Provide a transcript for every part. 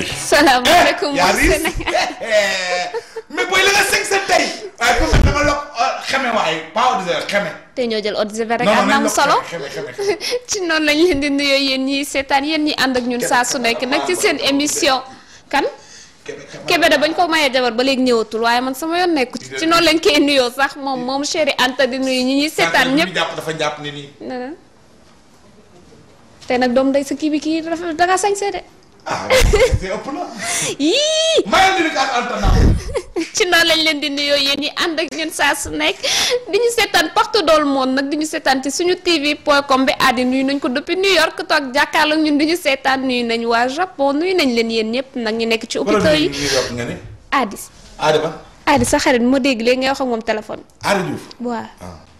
bi. salaamaaleykum yaa riis mais booy tey. Euh, te ñoo jël eau de rek am na solo ci noonu lañ leen di nuyoo yéen ñii seetaan yéen ñi ànd ak ñun saa su nekk nag ci seen émission kan. Kébé da bañ ko mayee jabar ba léegi ñëwatul waaye man sama yoon nekku ci noonu lañ koy nuyoo sax moom moom chéri Anta di nuyu ñi ñuy seetaan ñëpp dafa jàpp nii te nag doom day sa kii bi kii dafa sañsee de ah ëpp na. yii. ci noonu lañ leen di nuyoo yéen ñi ànd ak ñun saa su nekk di ñu seetaan partout dans le monde nag di ñu seetaan suñu TV point com bi àddi nañ ko depuis New York toog jàkkaarloog ñun di ñu seetaan nuyu nañ waa Japon nuy nañ leen yéen ñëpp nag ñu nekk ci hôpitaux yi. Adi. Adi ba. Adi sa xarit moo dégg léegi ngay wax moom téléphone. Adi Diouf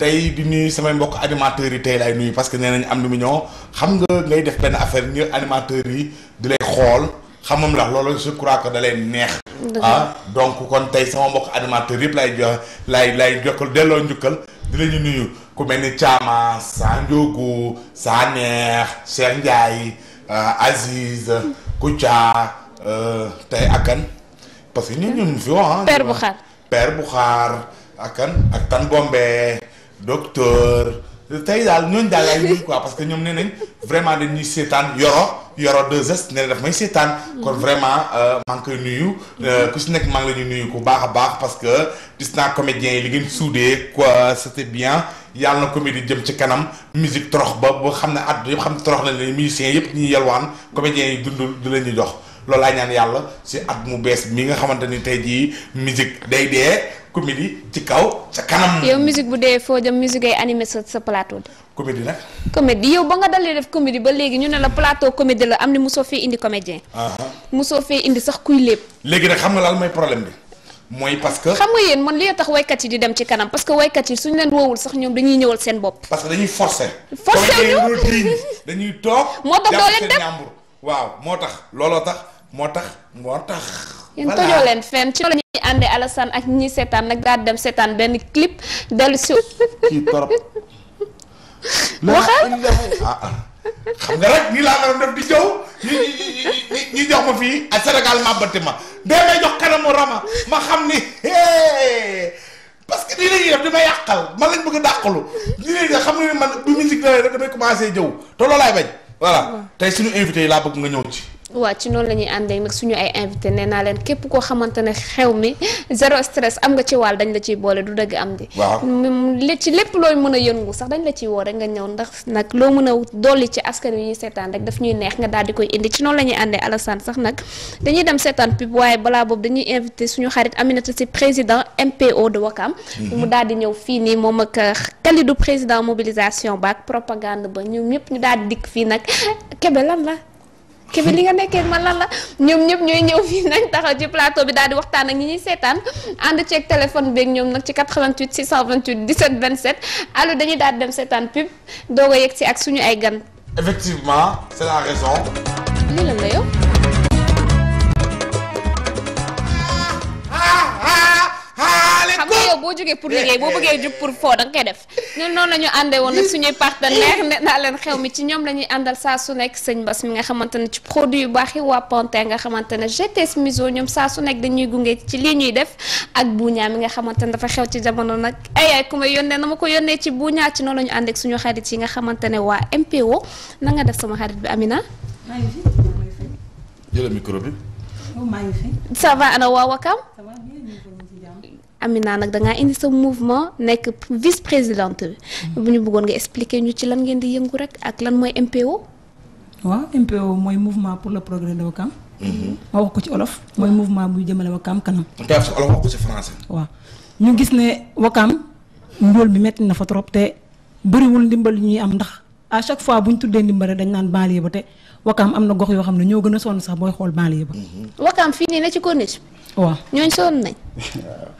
tey di nuyu samay mbokk animateurs yi tey lay nuyu parce que nee nañ am na mu ñoo xam nga ngay def benn affaire ñu animateurs yi di lay xool xamam la loolu je crois que da lay neex. ah donc kon tey sama mbokk animateurs yëpp lay jox lay lay jokkal delloo njukkal di la ñu nuyu ku mel ni Thiama Sanjogu Saneex Cheikh Ndiaye euh, Aziz Koutia euh, tey akkan parce que ñun ñun fi woon. Ah, Père Boukhar Père Boukhar akkan ak Tan Bombe. docteur tey daal ñooñu daal laay nuyu quoi parce que ñoom ne nañ vraiment dañuy seetaan yoro yoro deux est nee na daf may seetaan. kon vraiment euh, maa ngi nuyu. Euh, ku si nekk maa ngi la ñuy nuyu ku baax a baax parce que gis naa comédiens yi li ngeen soudé quoi c'était bien yàlla na comédie jëm ci kanam musique torox ba boo xam ne at yëpp xam ne torox nañ ne musiciens yëpp ñu yalwaan comédiens yi dundul du la ñuy jox loolu laa ñaan yàlla si at mu bees mi nga xamante ni tey jii musique day comédie ci kaw sa kanam. yow musique bu dee foo jëm musique animé sa plateau de. comédie yow ba nga dalee def comédie ba léegi ñu ne la plateau comédie la am ni mosoo fee indi comédien. Ah. mosoo fee indi sax kuy lépp. léegi nag xam nga laal mooy problème bi. mooy parce que xam nga yéen man li tax waykat yi di dem ci kanam parce que waykat yi suñu leen woowul sax ñoom dañuy ñëwal seen bopp. parce dañuy forcer. forcer ñu dañuy toog. moo tax doo leen dem waaw moo tax looloo tax yéen voilà. tojoo leen ci la ñuy àndee Alassane ak ñi seetaan nag daal dem seetaan benn clip dellu si. kii torop. waxal ah, ah. xam nga rek nii laa waroon def di jëw ñi ñi jox ma fii ak ah, Sénégal màbbati ma dee may jox kanamu rama ma xam ni parce que nii la def dama yàqal man lañ bëgg a dàqalu nii def xam nga man bu musique la rek damay commencé jëw te loolaay bañ. voilà tey suñu invité yi bëgg nga ñëw ci. waaw ci noonu la ñuy àndee nag suñu ay invité nee naa leen képp koo xamante ne xew mi zéro stress am nga ci wàll dañ la ciy boole du dëgg am di mm, li ci lépp looy mën a yëngu sax dañ la ciy woo rek nga ñëw ndax nag loo mën a dolli ci askan wi ñuy seetaan rek daf ñuy neex nga daal di koy indi ci noonu la ñuy àndee Alassane sax nag dañuy dem seetaan pub waaye balaa boobu dañuy invité suñu xarit Aminata si président MPO de Wakam mhm. mu daal di ñëw fii nii moom ak euh, Kalidou président mobilisation baak propagande ba ñoom ñëpp fii nag dëkk bi li nga nekkee man lan la ñoom ñëpp ñooy ñëw fii nañ taxaw ci plateau bi daal di waxtaan ak ñi ñuy seetaan ànd ceeg téléphone beeg ñoom nag ci 88 628 17 27 allo dañuy daal di dem seetaan pub doog a yegg si ak suñu ay gan. effectivement c'est la raison. lii lan la yow. boo jógee pour eh, liggéey boo eh. bëggee jub pour foo da nga koy def ñun noonu la ñu woon suñuy partenaire ne naa leen xew mi ci ñoom la ñuy àndal saa su nekk sëñ Bass mi nga xamante ne ci produit yu baax yi waa Pantin nga xamante ne GTS Miso ñoom saa su nekk dañuy gunge ci lii ñuy def ak buuñaa mi nga xamante ne dafa xew ci jamono nag ay ay ku ma na ma ko yónnee ci buuñaa ci noonu la ñu ànd ak suñu xarit yi nga xamante ne waa MPO na nga def sama xarit bi Amina jël Amina nag da ngaa indi sa mouvement nekk vice présidente bi mm. bu ñu bëggoon nga expliquer ñu ci lan ngeen di yëngu rek ak lan mooy MPO. waaw MPO moy mouvement pour le progrès de Wakam. Mm-hmm. ma wax ko ci olof mooy mouvement buy jëmale Wakam kanam. nga wax olof wax ko ci français. waaw ñu gis ne Wakam ndóol bi metti na fa trop te bëriwul ndimbal ñuy am ndax à chaque fois bu ñu ndimbal dañ naan banlieue ba te Wakam am na gox yoo xam ne ñoo gën a sonn sax booy xool banlieue ba. Mm-hmm. Wakam fii nii ne ci corniche. waaw ñooñ soon nañ.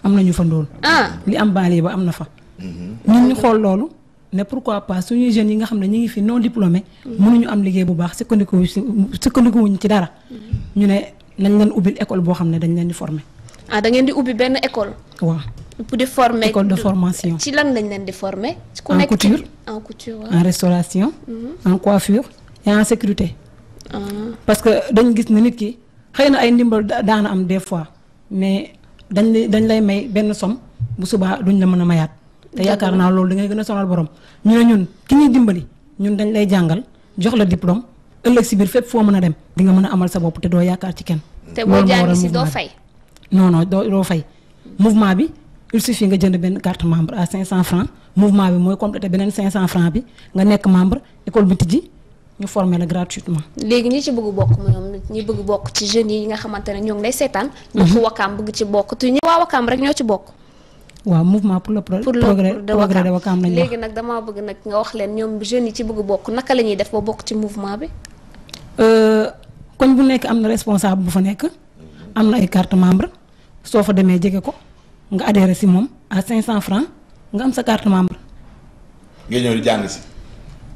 am na ñu fa ndóol. Ah. li am banlieue ba am na fa. ñun ñu xool loolu. ne pourquoi pas suñuy jeunes yi nga xam ne ñu ngi fi non diplômé. mënuñu am liggéey bu baax sukkandiku sukkandiku wuñ ci dara. ñu ne nañ leen ubbil école boo xam ne dañ leen di former. ah da di ubbi benn école. waaw pour di former école de formation. ci lan lañ leen di former. en couture en couture en restauration. Mhm. en coiffure en sécurité. Ah. parce que dañ gis ne nit ki xëy na ay ndimbal daana am des fois. mais dañ lay dañ lay may benn somme bu subaa duñ la mën a mayaat te yaakaar naa loolu da ngay gën a sonal borom ñu ne ñun ki ñuy dimbali ñun dañ lay jàngal jox la diplôme ëllëg si biir fépp foo mën a dem di nga mën a amal sa bopp te doo yaakaar ci kenn. te boo jàng si doo fay. non non doo fay mouvement bi il suffit nga jënd benn carte membre à cent francs mouvement bi mooy complété beneen 500 francs bi nga nekk membre école bi tijji. ñu former la gratuitement légui ñi ci bëgg bokk mu ñom ñi bëgg bokk ci jeune yi nga xamantene ñong lay sétane ñu ko mhm. wakam bëgg ci bokk tu ñi wa wakam rek ñoo ci bokk wa mouvement pour le progrès progrès de wakam lañu légui nak dama bëgg nak nga wax leen ñom jeune yi ci bëgg bokk naka lañuy def ba bokk ci mouvement bi euh koñ bu nekk amna responsable bu fa nekk amna ay carte membre so fa démé jégué ko nga adhérer ci mom à 500 francs nga am sa carte membre nga ñëw di jang ci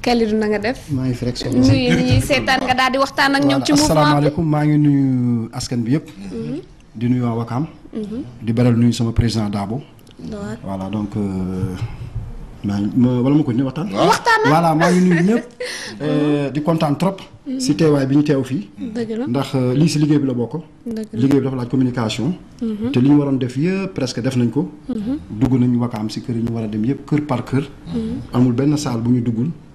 Kalidou na nga def maa ngi fi rek soxna nuyu ni ñuy seetaan nga daal di waxtaan ak ñoom ci mouvement asalaamaaleykum maa ngi nuyu askan bi yëpp mhm. di nuyu waa Wakaam mhm. di beral nuyu sama président Dabo voilà donc euh, maa ngi wala ma ko ni waxtaan ah. waxtaan voilà maa ngi nuyu ñëpp euh, di kontaan trop mhm. si teewaay bi ñu teew fii ndax euh, lii si liggéey bi la bokk liggéey dafa laaj communication te li ñu def yëpp presque def nañ ko dugg nañ Wakaam si kër yi ñu war dem yëpp kër par kër amul benn salle bu ñu duggul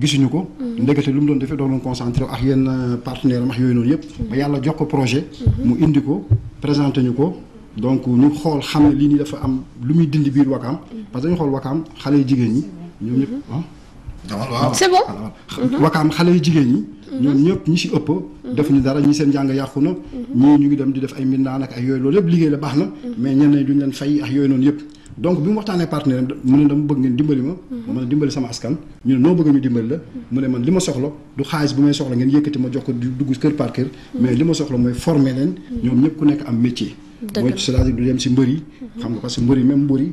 gisuñu ko. Mm-hmm. lu doon doon concentré ak euh, partenaire mm-hmm. projet. Mm-hmm. donc ñu dafa am lu muy ñi. Ah. c'est bon nous, ñi. ñoom ñëpp ñi ci ëpp. ñu dara ñi seen jang un ñi ñu ngi dem di def ay donc bi mu waxtaanee partenaire am mu ne dama bëgg ngeen dimbali ma mhm. ma ne dimbali sama askan ñu ne noo bëgg ñu dimbali la mhm. mu ne man li ma soxla du xaalis bu may soxla ngeen yëkkati ma jox ko dugg kër par kër mhm. mais li ma soxla mooy former leen ñoom ñëpp ku nekk am métier mooy c'est-à-dire du dem si mbër yi xam nga parce que mbër yi même mbër yi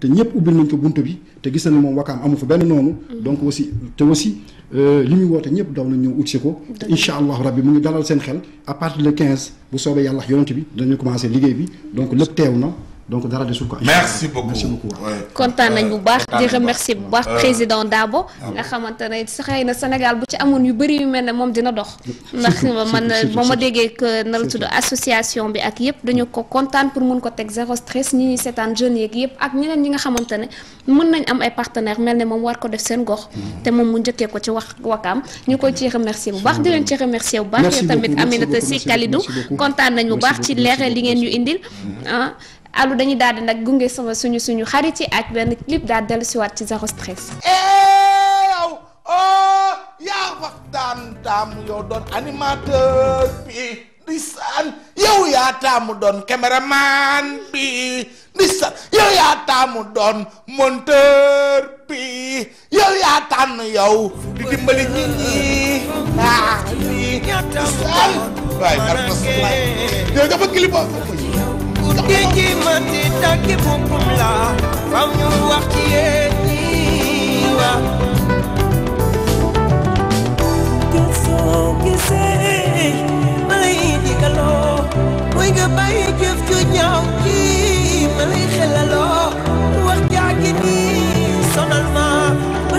te ñepp ubbil nañ ko buntu bi te gis nañ moom wakaam amu fa benn noonu. donc aussi te aussi euh, li muy woote ñëpp daw nañ ñëw ut ko. te incha allahu rabbi mu ngi dalal seen xel à partir de 15 bu soobee yàlla yonent bi dañu commencé liggéey bi donc lépp teew na donc dara de quoi. merci beaucoup merci beaucoup kontaan nañ bu baax di remercier bu baax président Dabo euh, nga xamante ne ah xëy na Sénégal bu ci amone yu bari yu melne mom dina dox ndax man ba dégué que que nar tudd association bi ak yépp dañu ko contane pour mën ko tek zéro stress ñi ñuy seetaan jeunes yeeg yëpp ak ñeneen ñi nga xamante mën nañ am ay partenaires melne mom war ko def sen gox mm. té mom mu ñëkke ko ci wax wakam ñu koy ci remercier bu baax di leen ci remercier bu baax yow tamit Aminata Si Kalidou kontaan nañ bu baax ci léré li ngeen ñu indil mm. ah alu dañuy daal nak gungé sama suñu suñu xarit ci ak ben clip daal dellu ci wat ci zéro stress. oh ya, wax daan animateur bi yow cameraman bi yow monteur bi yow yow di dimbali nit ñi ah ki mati da ki bukum la fam ñu wax ci yeen ñi wa ke so gisee malay digaloo muy nga bàyyi jëf ju ñaaw ci malay xelaloo wax jaagi ni sonal ma ba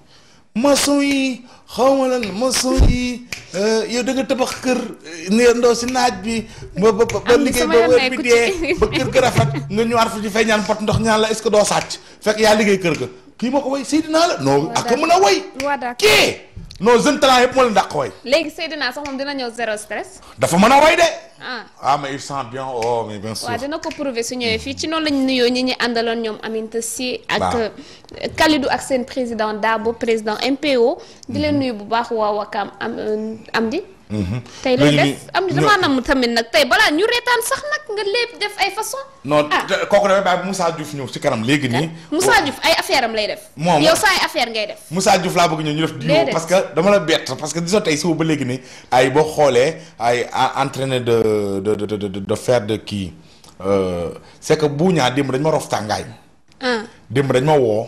maçon yi xawma lan maçon yi eh, yow da nga tabax kër eh, neendoo si naaj bi ba ba ba liggéey ba wër bi dee ba kër ga rafet nga ñëwaat fu ci fay pot ndox ñaan la est ce que liggéey kër ga way la ak kii non jeune talent yëpp moo leen dàq way. léegi Seydina sax moom dina ñëw zéro stress. dafa mën a way de. ah ah mais il sent bien oh mais bien sûr. waaw dina ko prouver su ñëwee fii ci noonu lañu nuyoo ñi ñi àndaloon ñoom Aminta si ak euh, Kalidou ak seen président Dabo président MPO. di leen mhm. nuyu bu baax waa Wakaam am euh, am di. Mm-hmm. tey lay des am damaa nam tamit nag tey balaa ñu reetaan sax nag nga lépp def ay façon non ah. kooku dafay bàyyi Moussa Diouf ñëw si kanam léegi nii Moussa Diouf ay affaire lay def moom yow sa ay affaire ngay def Moussa Diouf laa bëgg ñëw ñu def duo parce que dama la bett parce que disons tey suba ba léegi nii ay boo xoolee ay entraîné de de de de de faire de kii euh, c'est que bu ñaa démb dañ ma rof tàngaay ah. démb dañ ma woo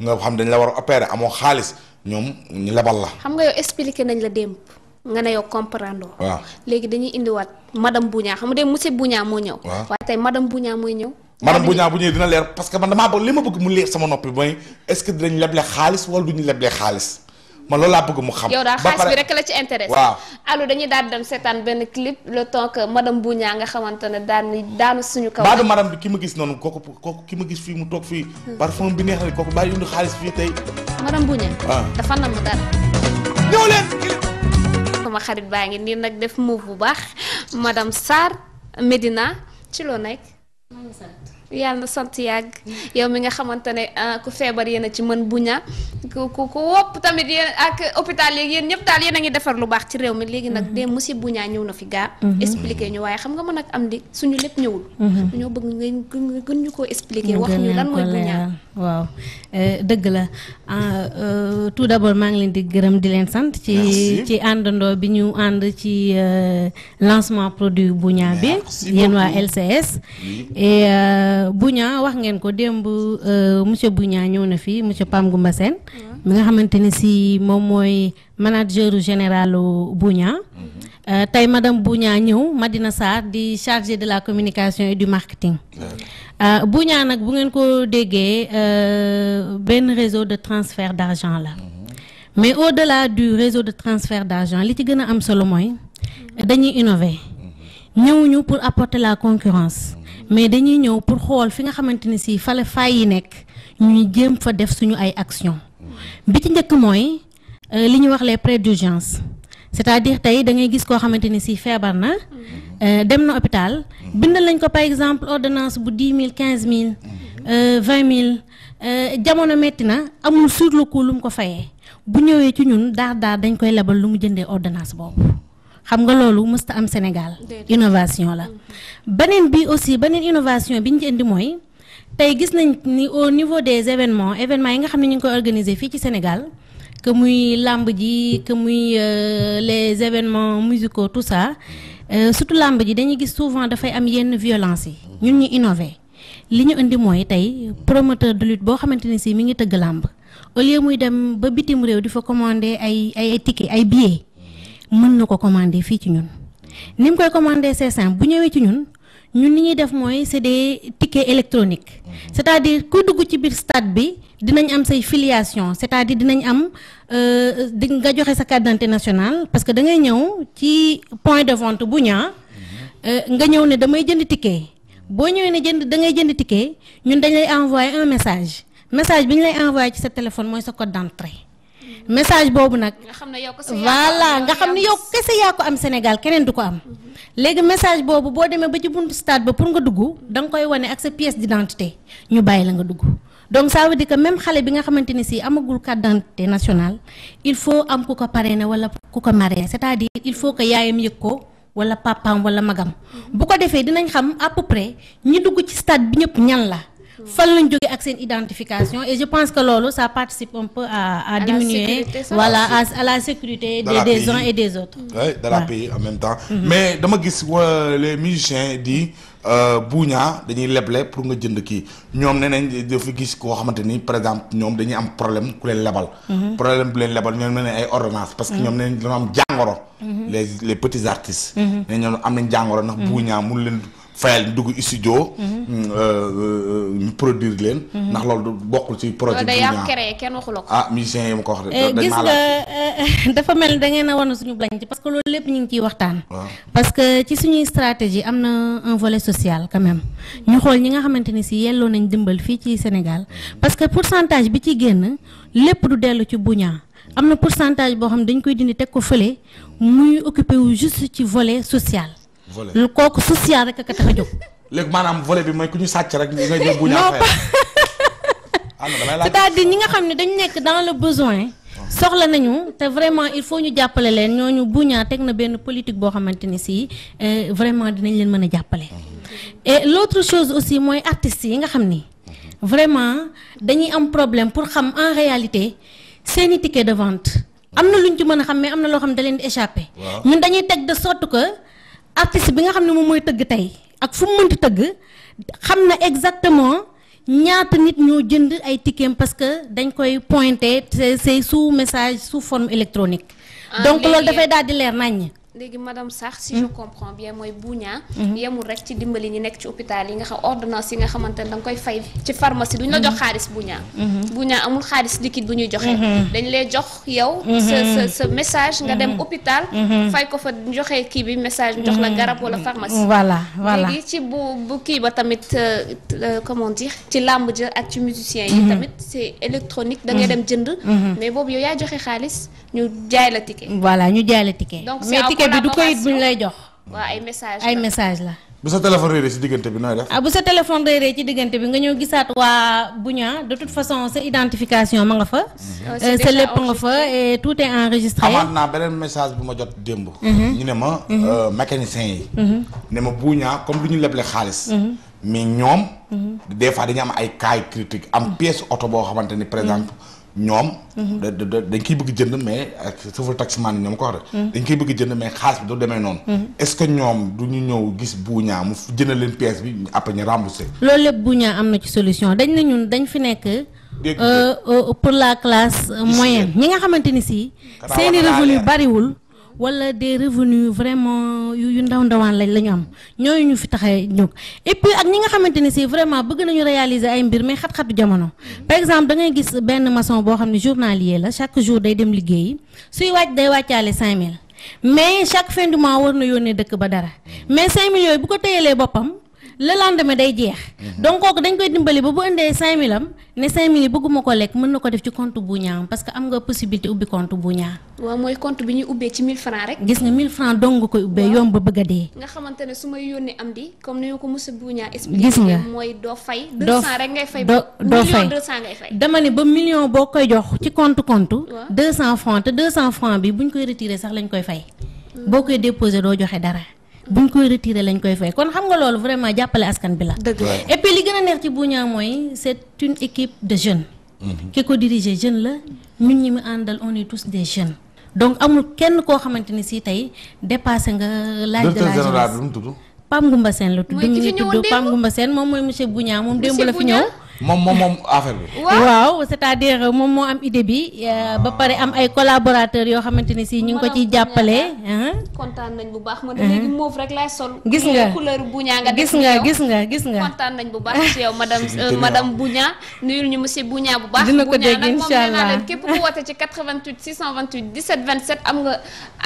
nga xam dañ la war a opérer amoo xaalis ñoom ñu lebal la. xam nga yow expliqué nañ la démb nga ne yow comprendre waaw léegi dañuy indiwaat madame Buña xam nga de monsieur Buña moo ñëw. waaw waaye tey madame Buña mooy ñëw. madame Buña bu ñëwee dina leer parce man damaa bëgg li ma bëgg mu leer sama noppi mooy est-ce que dinañ leble xaalis wala duñu leble xaalis. man loolu laa bëgg mu xam. yow daal xaalis bi rekk la ci intéressé. waaw allo dañuy daal di dem seetaan benn clip le temps que madame Bouña nga xamante ne daanu daanu suñu kaw. baadu madame bi ki ma gis noonu kooku kooku ki ma gis fii toog fii. Hmm. parfum bi neex na kooku bàyyi indi xaalis fii tey. madame Bouña. waaw ah. dafa nam dara. ñëw leen. sama xarit baa ngi nii nag def move bu baax madame Sarr médina ci loo nekk. yàlla na sant yàgg yow mi nga xamante ne ah, ku feebar yéen ci mën buña ku ku ku wopp tamit yéen ak hôpital yeeg yéen ñëpp daal yéen a ngi defar lu baax ci réew mi léegi nag mhm. de monsieur buña ñëw na fi gaa mhm. expliqué ñu waaye xam nga mën ak am di suñu lépp ñëwul dañoo mhm. bëgg nga gën ñu koo expliqué wax ñu lan mooy buña waaw eh, dëgg la ah, eh, tout d'abord maa ngi leen di gërëm di leen sant ci ci àndandoo bi ñu ànd ci eh, lancement produit Bougna bi yéen waa LCS et Bougna wax ngeen ko démb monsieur Bougna ñëw na fii monsieur Pam Goumba Sène mi nga xamanteni si moom manager général Bougna mhm. euh, tay madame Bougna ñëw Madina sar, di chargée de la communication et du marketing euh, Bougna nak bu ngeen ko euh, réseau de transfert d'argent la mhm. mais au-delà du réseau de transfert d'argent li ci gëna am solo moy dañuy innover mhm. ñëwuñu pour apporter la concurrence mais dañuy ñëw pour xol fi nga xamanteni ni si fale faay yi nek ñuy fa def suñu ay action bi ci moy euh li les prêts d'urgence c'est-à-dire que da ngay gis ko xamante si fièvre na euh, dem na hôpital par exemple ordonnance bu 10000 15000 euh 000, euh metti na amul sur le coup ko fayé bu ñëwee ci ñun daar dañ koy Sénégal innovation la bi innovation tay gis nañ ni au niveau des événements événements yi nga xam ne ñu ngi koy organiser fii ci Sénégal que muy làmb ji que muy euh, les événements musicaux tout ça euh, surtout làmb ji dañuy gis souvent dafay am yenn violence yi ñun ñu innover li ñu indi mooy tey promoteur de lutte boo xamante ni si mi ngi tëgg làmb au lieu muy dem ba bitim réew di fa commander ay ay ticket ay billets mën na ko commander fii ci ñun ni mu koy commander c'est simple bu ñëwee ci ñun. ñun ni ñuy def mooy c'est des tickets électroniques mhm. c'est-à-dire ku dugg ci biir stade bi dinañ am say filiation c'est-à-dire dinañ am euh, di nga joxe sa carte d'identité nationale parce que da ngay ñëw ci point de vente bu ñaa mhm. euh, nga ñëw ne damay jënd ticket boo ñëwee ne jënd da ngay jënd ticket ñun dañ lay envoyer un message message bi ñu lay envoyé ci sa téléphone mooy sa code d'entrée mhm. message boobu nag. nga xam ne yow kese yaa ko nga xam ne yow kese yaa ko am Sénégal keneen du ko am. léegi message boobu boo demee ba ci buntu stade ba pour nga dugg da koy wane ak sa pièce d'identité ñu bàyyi la nga dugg donc ça di ko que même xale bi nga xamante ni si amagul carte d'identité nationale il faut am ku ko parrainer wala ku ko marier c'est-à-dire il faut que yaayam yëg ko wala papaam wala magam mm-hmm. bu ko defee dinañ xam à peu près ñi dugg ci stade bi ñëpp ñan la. Fallait lañ jóge ak seen identification et je pense que lolo ça participe un peu à à diminuer voilà à la sécurité des uns et des autres dans la pays en même temps mhm. mais dama gis euh, les musiciens di euh, buña dañuy leble pour nga jënd kii ñoom ne nañ dafa gis koo xamante ni par exemple ñoom dañuy am problème ku leen lebal mhm. problème bu leen lebal nous ne nañ ay ordonnance parce que nous mhm. ne nañ dañoo am jàngoro les les petits artistes ne ñoom am nañ jàngoro ndax buña mun leen fayal dugg studio. Mhm. Euh, euh, ñu produire leen. Mhm. ndax loolu bokkul ci projet. bi ñu créé kenn waxu la ko. ah yi ma ko wax de. Eh, eh, dafa mel da ngeen a wan suñu blañ ci parce que loolu lépp ñu ngi ciy waxtaan. parce que ci suñuy stratégie am na un volet social quand ñu xool ñi nga xamante ni si yelloo nañ dimbal fii ci Sénégal parce que pourcentage bi ci génn lépp du dellu ci buña am na pourcentage boo xam dañ koy dindi teg ko fële muy occupé wu juste ci volet social. volet kooku social rek a tax a jóg. léegi maanaam volet bi mooy ku ñu sàcc rek nga jël bu ñu ah c'est-à-dire ñi nga xam dañu nekk dans le besoin. soxla nañu te vraiment il faut ñu jàppale leen ñooñu buñaa teg na benn politique boo xamante ni si euh, vraiment dinañ leen mën a et l'autre chose aussi mooy artistes yi nga xamni vraiment dañuy am problème pour xam en réalité seeni ticket de vente amna na luñ ci mëna xam mais amna lo xam ne da leen échapper ñun dañuy teg de sorte que. artiste bi nga xam ne moom mooy tëgg tey ak fu mu mënti tëgg xam na exactement ñaata nit ñoo jënd ay tikkeem parce que dañ koy pointé c'est sous message sous forme électronique ah, donc loolu dafay daal di leer naññ léegi madame Sarr si hmm. je comprends bien moy buña hmm. yemul rek ci dimbali ñi nek ci hôpital yi nga xam ordonnance yi nga xamantene dang koy fay ci pharmacie duñ la jox hmm. xaalis buña buña amul xaalis liquide bu joxe dañ lay jox yow ce ce sa message nga dem hôpital fay ko fa joxe ki bi message jox la garab wala pharmacie voilà voilà léegi ci bu bu kii ba tamit euh, euh, comment dire ci làmb ji ak ci musicien yi tamit c'est électronique da ngay dem jënd mais bobu yow ya joxe xaalis ñu jaay la ticket voilà ñu jaay la ticket donc paquet bi du kayit bu ñu lay jox. ay message la. bu sa téléphone réeré ci diggante bi nooy def. ah bu sa téléphone réeré ci diggante bi nga ñëw gisaat waa Buña de toute façon sa identification ma nga fa. Mm-hmm. Euh, oh, sa lépp nga fa et tout est enregistré. amaat naa beneen message bu ma jot démb. Mm-hmm. ñu ne ma. Mm-hmm. Euh, mécanicien yi. ne ma Buña comme du ñu leble xaalis. mais ñoom. des fois dañu am ay cas critiques am pièce oto boo xamante ni par exemple. ñoom. da da dañ koy bëgg jënd mais ak chauffeur taximan ñoom ko wax rek. Mm. dañ koy bëgg jënd mais xaalis bi du demee noonu. Mm. est-ce que ñoom du ñu ñëw gis buuñaa mu jënd leen pièce bi après ñu remboursé. loolu lépp buuñaa am na ci solution dañ na ñun dañ fi nekk. Euh, euh, pour la classe euh, moyenne ñi nga xamante ni si. seeni revenu bariwul. wala des revenus vraiment yu ndaw ndawan lañ la am ñoy ñu fi tax a et puis ak ñi nga xamanteni c'est vraiment bëgg nañu réaliser ay mbir mais xat-xatu jamono mm-hmm. par exemple da ngay gis ben maçon bo xamni journalier la chaque jour day dem liggéey suy wàcc day waccalé 5000 mais chaque fin du mois war na yone dëkk ba dara mm-hmm. mais 5000 yooyu bu ko téyelee bopam le lendemain day jeex. Mhm. donc kooku dañ koy dimbali ba bu indee 5000 am ne 5000 yi bëgguma ko lekk mën na ko def ci compte bu ñaam parce que am nga possibilité ubbi compte bu ñaam. waaw mooy ubbee ci 1000F rek. gis nga 1000F dong nga koy ubbee yomb ba ne su may yónnee di comme ni ñu ko mos a mooy doo fay. doo 200 fay. doo doo fay million 200 dama ne ba million boo koy jox ci compte compte. waaw 200F te 200F bi bu ñu koy retiré sax lañ koy fay. Hmm. boo koy déposé doo joxe dara. buñ koy retiré lañ koy fay kon xam nga loolu vraiment jàppale askan bi la. dëgg et puis li gën a neex ci Bougna mooy c'est une équipe de jeunes. Mm-hmm. ki ko diriger jeune la ñun ñi mu àndal on est tous des jeunes. donc amul kenn koo xamante ni sii tey dépassé nga. laaj de la jeunesse Pam Goumba Sène la tudd. mooy ki moom mooy monsieur Bougna moom démb la fi ñëw. mom mom mom affaire bi. waaw c'est-à-dire euh, mom mo am idée bi euh, ba paré am ay collaborateurs yo xamanteni si ñu ngi ko jappalé hein contane nañ bu baax man léegi mauve rek lay sol. gis nga couleur buña nga gis nga gis nga gis nga. contane nañ bu baax ci yow madame euh, madame buña nuyul ñu monsieur buña bu baax. dina ko dégg incha allah képp ku woote ci 88 628 17 27 am nga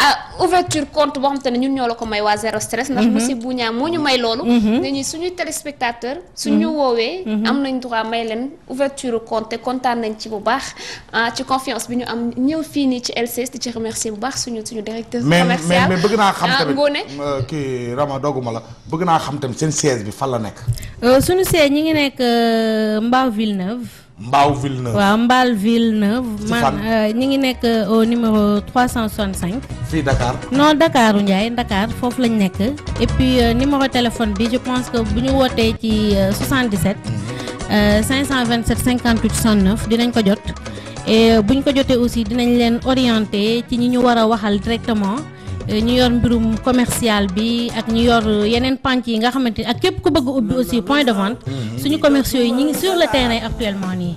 ah, ouverture compte bo xamanteni ñun ñoo la ko may wa zéro stress. ndax mhm. monsieur buña mo ñu may loolu. Mhm. dañuy suñu téléspectateur suñu wowe am nañ droit Touba may ouverture compte kontaan nañ ci bu baax ah, ci confiance bi ñu am ñëw fii nii ci LCS di ci remercier bu baax suñu suñu directeur commercial mais mais bëgg na ah, euh, xam tamit kii Rama doguma la bëgg na xam tam sen siège bi fa la euh suñu siège ñi ngi neuf euh, Mbao Villeneuve. Mbao Villeneuve waaw ville Villeneuve. man euh, ñi ngi nek au numéro 365. fii Dakar. non Dakaru Ndiaye Dakar fofu lañ nek et puis numéro téléphone bi je pense que buñu woté ci 77. 527 58 69 dinañ ko jot et buñ ko joté aussi dinañ leen orienter ci ñi ñu wara waxal directement euh, ñu yor mbirum commercial bi ak ñu yor yenen pànc yi nga xamanteni ak képp ku bëgg ubbi aussi point de vente mm-hmm. suñu commerciaux yi ñi ngi sur le terrain actuellement nii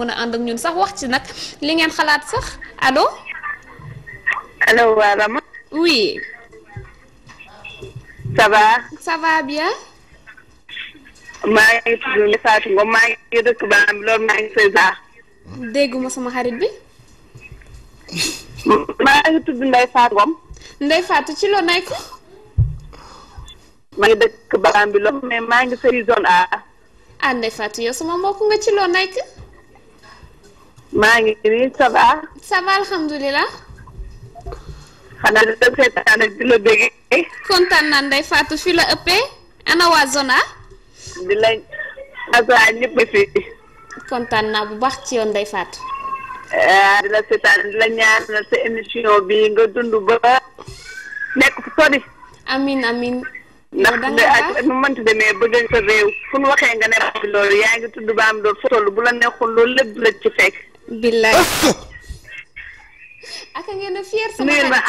mën a ànd ak ñun sax wax ci nag li ngeen xalaat sax allo. allo waa Rama. oui. ça va. ça va maa ngi tudd Fatou Ngom maa ngi dëkk dégguma sama xarit bi. maa ngi tudd Ndeye Fatou Ngom. Ndeye ci loo nekk. maa ngi dëkk Bambilor mais maa ngi sori zone A. ah Ndeye Fatou yow sama mbokk nga ci loo nekk. maa ngi nii ça va. alhamdulilah. xanaa di la seetaan ak di la bëggee. kontaan naa Ndeye Fatou fi la ëppee ana waa Zona. di la bu baax ci yoon Ndeye Fatou. Eh, di la seetaan di la ñaanal bi nga dund ba nekk fu sori. amin amin ndax de ak nu mënti bëgg sa réew fu nu waxee nga ne loolu yaa ngi tudd ba am doon foo toll bu la neexul loolu lépp la ci fekk. Bila aka ngeen a fier sama xarit kan? ba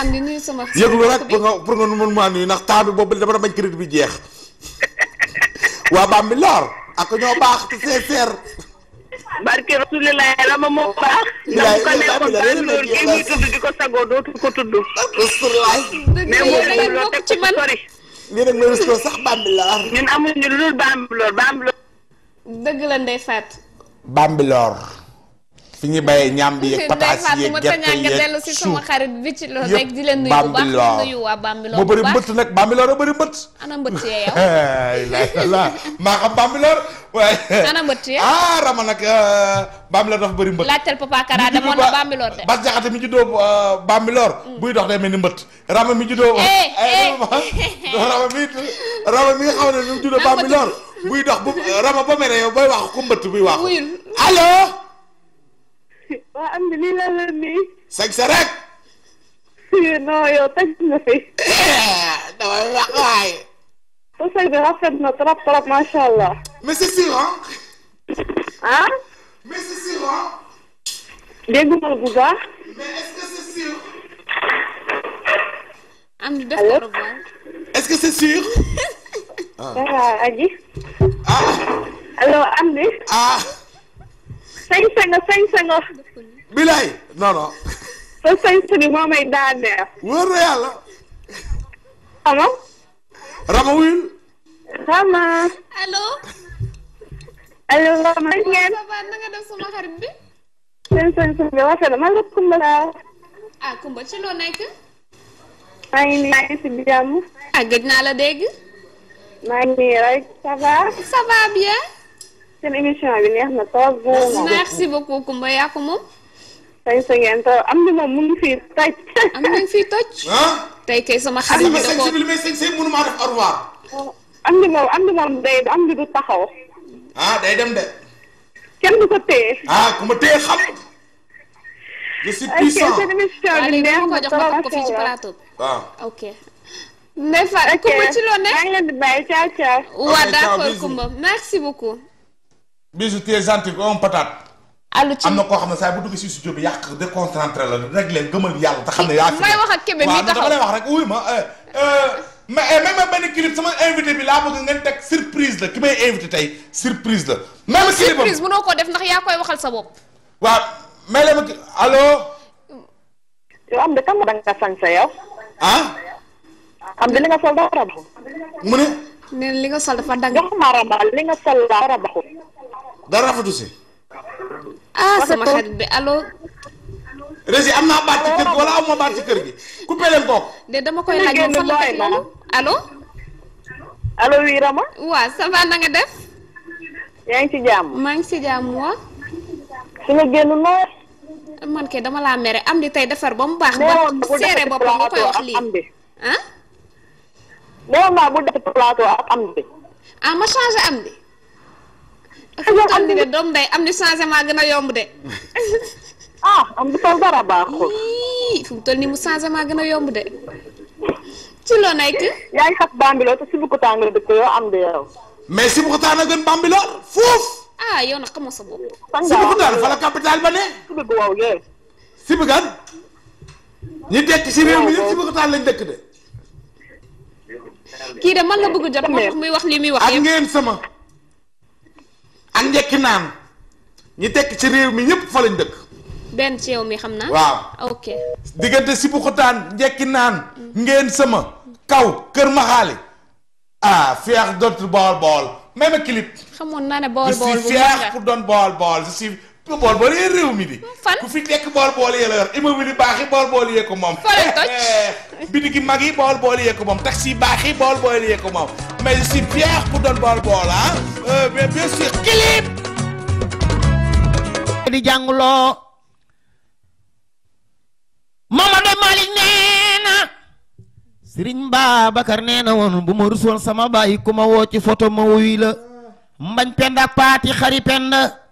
Andi di sama yëglu rek pour nga pour nga mën maa nuyu ndax temps bi dama bañ crédit bi jeex waa baam bi ak ñoo baax te sincère barke rasulillah rama moo iya, iya, baax iya, ndax ko ne ko baax loolu kii muy tudd di ko sagoo dootul ko tudd rasulillah ne ci sax ñun la ndey fi ñuy bayee ñaam bi yeeg pataas yeeg gerte yeeg suuf yëpp Bambilor moo bëri mbëtt nag Bambilor a bëri mbëtt. ana mbëtt yee yow. alhamdulilah maa xam Bambilor waaye. ana mbëtt yee. ah Rama nag euh, Bambilor dafa bëri laajteel papa Kara demoon na Bambilor de. Bas Jaxate mi juddoo euh, Bambilor. Mm. buy dox day mel ni mbëtt. Rama mi juddoo. ay eh, eh, eh. Rama mi Rama mi nga xam ne mi juddoo Bambilor buy dox bu Rama ba mere yow booy wax ko mbëtt buy wax. allo. waa am na lii lan la nii. sañ sa non yow taj na fi. dama wax waay. sosay bi rafet na trop trop macha allah. monsieur Siron. ah. monsieur Siron. dégguma bu baax. que c'est sûr. am na def ko que c'est sûr. ah. aji. ah. allo ah. sañse nga sañse nga. bilaay non non. sa sañse bi moo may daaneer. wóor na yàlla. allo. Rama wuyul. Rama. allo. allo Rama. na nga def sama xarit bi. seen sañse bi rafet na man la ah Kumba ci nekk. maa ngi nii maa ngi ah gëj naa la dégg. maa ngi nii rek ça va. seen émission bi neex na trop. merci beaucoup Kumba yaa ko moom. sañ am na moom mu ngi fii toj. am na fii toj. tey kay sama xarit bi da koo am na sañ mënu maa am na moom am am na du taxaw. ah dem de. kenn du ko téye. ah ku ma téye xam. je suis puissant ok seen émission bi neex na trop ko ne. maa ngi leen di bàyyi ciao ciao. waaw merci beaucoup. bisu téye antique on patate. allu ci am na koo xam ne saa bu dugg si studio bi yàq déconcentré la réglé gëmal yàlla te xam ne. yaa fi may wax ak Kébé mi taxaw dama lay wax rek wuy ma. Eh, eh, mais eh, même ma benn clip sama invité bi laa bëgg ngeen teg surprise la ki may invité tey surprise la. même clip surprise mënoo koo def nax yaa koy waxal sa bopp. waaw may la ma allo. yow am na kan da nga sañ sa yow. ah. am na li nga sol dafa rabaxul. mu ne. li nga sol dafa dang. jox ma rabal li nga sol dafa dara fa si ah sama xarit bi allo Rési amna naa keur wala am ma keur gi coupé leen bok de dama koy laj sama xarit la allo allo wi Rama wa sa va na nga def yaangi ci jàmm maa ngi ci jàmm wa su nga no man ke dama la mere am di tay defar ba bax ba séré bopam nga koy wax lii ah non ma bu def plateau ak am di ah ma changer am di yow am de doom day gën a yomb de. ah am du taw toll nii mu changement gën a yomb de. ci loo nekk. yaa ngi xat Bambilor te Sébikotane a gën Bambilor fuuf. ah yow nag sa bopp. si réew mi lañ dëkk de. kii de man la bëgg jot moo muy wax lii muy wax yëpp ak ngeen sama. ak njekki naan ñi tekk ci réew mi ñëpp fa dëkk. benn ci yow mi xam naa. waaw ok. diggante sibu xotaan njekki naan. ngeen sama kaw kër ma maxaali ah fier d'autre bool bool même clip. xamoon naa ne bool bu je suis pour doon bool bool je suis ku bool bool yee réew mi di fan ku fi nekk bool bool yee la yor immeuble yi baax yi bool bool yee ko moom fa la toj bitigi mag yi bool bool yee ko moom taxi baax yi bool bool yee ko moom mais je suis fier pour doon bool bool ah euh, mais bien sûr kilib di jànguloo Mamadou Malick nee na Serigne Babacar nee na bu ma rusoon sama bàyyi ku ma woo ci photo ma wuy la mbañ penda paati xari penda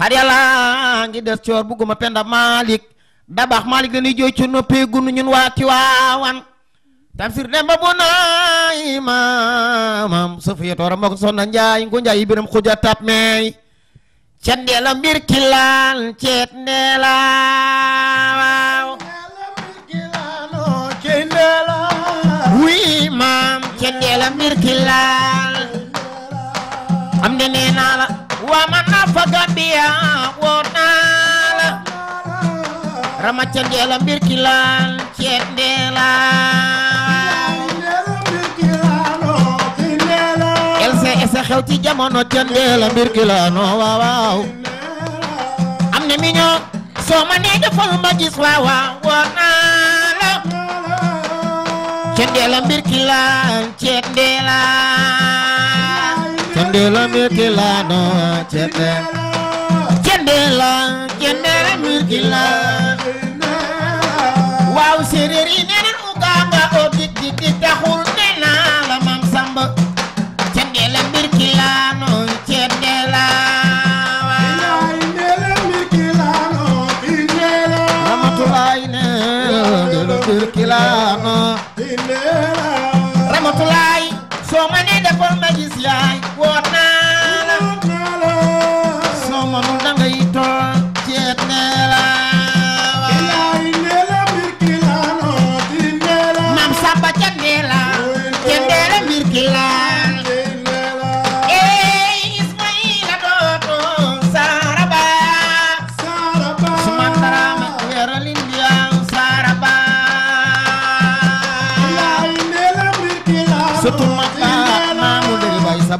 xariala ngi def cior bu guma penda malik dabax malik dañuy joy ci noppé gunu ñun waati waawan tafsir demba bu imam maamam sufiya tor mako sonna njaay ngu njaay biram xuja tap meey cendela ndeela mbir kilaan ceet ndeela waaw la waa man naa fa Gambia woo naa la ramaca ndeela mbir ki laal ceet ndeela xew ci jamono ceet ndeela mbir ki am na mi ñoo soo ma nee jëfal ma woo naa la ceet ndeela mbir Jendela mirkila no chete Jendela jendela mirkila Wow sereri nena uganga odik oh, dik takhul ne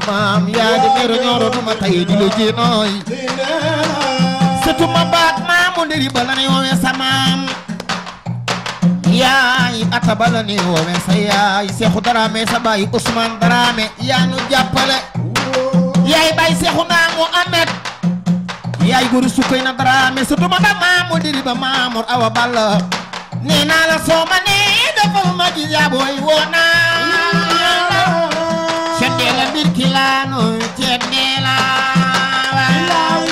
maam yaa di ñoro nu ma tay di lu ji nooy sëtu ma baat maamu ndiri bala ni maam yaay ata bala ni woowe sa yaay seexu daraame sa baay Ousmane daraame yaa nu jàppale yaay baay seexu naa mu amet yaay guru sukkay na daraame sëtu ma ba maamu ndiri ba maamur awa balla nee naa la sooma nee defal ma ji yaa booy bir kilano ceddela wallahi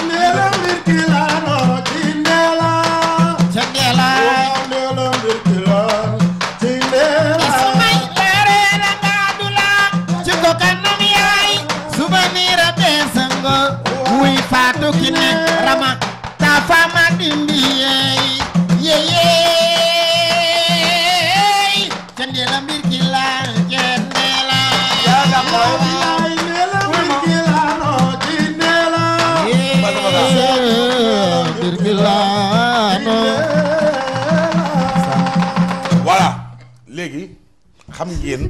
am ngeen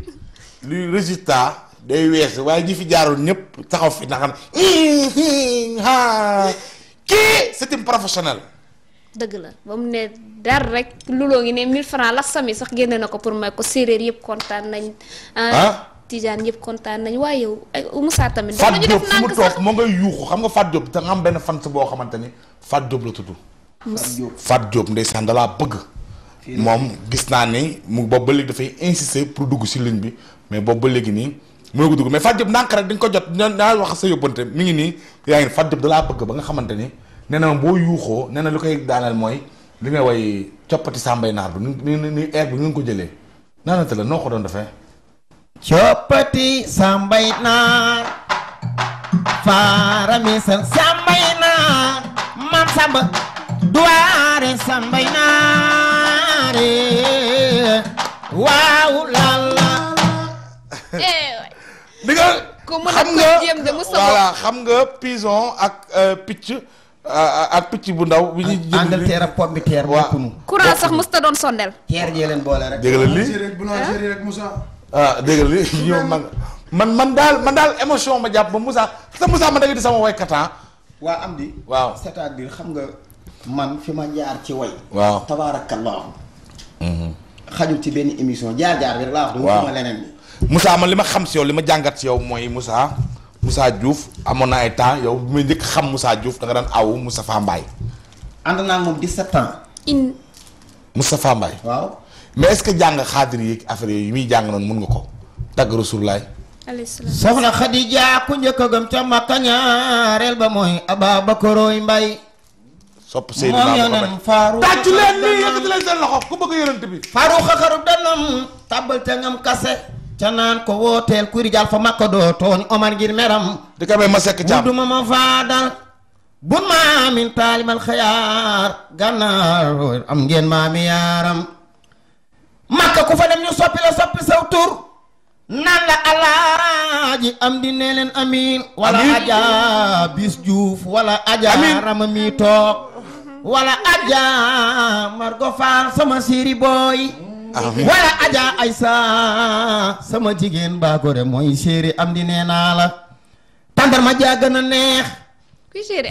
luy résultat day wess waaye ñi fi jaaroon ñep taxaw fi na ha ki c'est un professionnel. deug la bam ne dar rek lulo ngi ne 1000 francs la sami sax génne na ko pour may ko séeréer yëpp contane nañ. ah, ah? tidiane yëpp contane nañ waaye yow Moussa tamit. dañu def naan ko sax Fatou Diop fu ngay yuuxu xam nga Fatou Diop da nga am ben fan bo xamanteni ni Fatou la tuddu Fatou Diop Fatou da la bëgg. moom gis naa ni mu boobu ba léegi dafay insister pour dugg si ligne bi mais boob ba léegi nii mënu ko dugg mais Fatou Diop ndànk rek dañ ko jot naa wax sa yóbbante mi ngi nii yaa ngi Fatou Diop dalaa bëgg ba nga xamante ni nee boo yuuxoo nee na lu koy daaneel mooy li nga woy coppati sàmbay naar bi ni ni air bi nga ko jëlee naanate la noo ko doon defee coppati sàmbay naar faaramisal sàmbay naar maam sàmba duwaare naar ñaare waaw lala. Eh, di nga. xam nga voilà xam nga pison ak euh, picc. Euh, ak picc bu ndaw. bi ñuy jënd Angleterre ak pomme bi terre. waaw courant sax mos ta doon sondel. teer jee leen ah, man man daal man daal émotion ma jàpp ba Moussa te Moussa man da nga di sama woykatan. Ah. waa am di. waaw cest à xam nga. man fi ma jaar ci way. waaw tabaarakallah xajul ci benn émission jaar-jaar bi rek laa wax. waaw ma leneen bi. Moussa man li ma xam si yow li ma jàngat si yow mooy Moussa Moussa Diouf amoon na ay temps yow bu may njëkk xam Moussa Diouf da nga daan awu Moustapha Mbaye. ànd naa moom mais est que jàng xaadir yi affaire yi muy jàng noonu mun nga ko tagg Rasulullaay. soxna Khadija ku njëkk a gëm ca Makka ñaareel ba mooy Ababakar Mbaye. sopp Seydina Muhammad ku bëgg bi faaru xaxaru danam tàbbal te kase ca naan ko wooteel kuy rijaal fa makka doo tooñ omar ngir meram di ka bay ma sekk caam ma ma faadal bun ma taalimal xayaar gànnaar am ngeen maami yaaram makka ku fa dem ñu soppi soppi saw tur naan la alaaji am di leen amin wala aja bis juuf wala aja rama mi wala aja margo sama siri booy wala aja aysa sama jigéen baa mooy séeri am di nee naa la tàndarma jaa gën a neex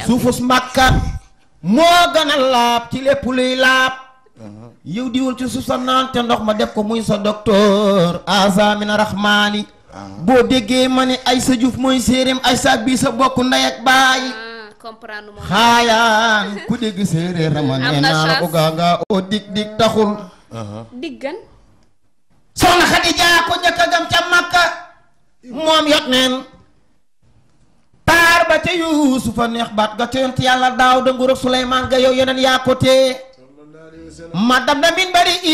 suufus mbàkka moo gën laab ci lépp luy laab yow diwul ci suuf sa naan te ndox ma def ko muy sa docteur asamina rahmaani ah. boo déggee ma ne aysa juuf mooy séeréem aysa bii sa bokk ndey ak baay comprendre moom xaayaan ku dégg séeréer ma nee naa la dik dik taxul diggan soxna Xadija ko njëkk gam ca Makka moom yot neen taar ba ca yuusufa neex baat ga ca yont yàlla daaw da nguur ak ga yow yeneen ya. ko na min bari ba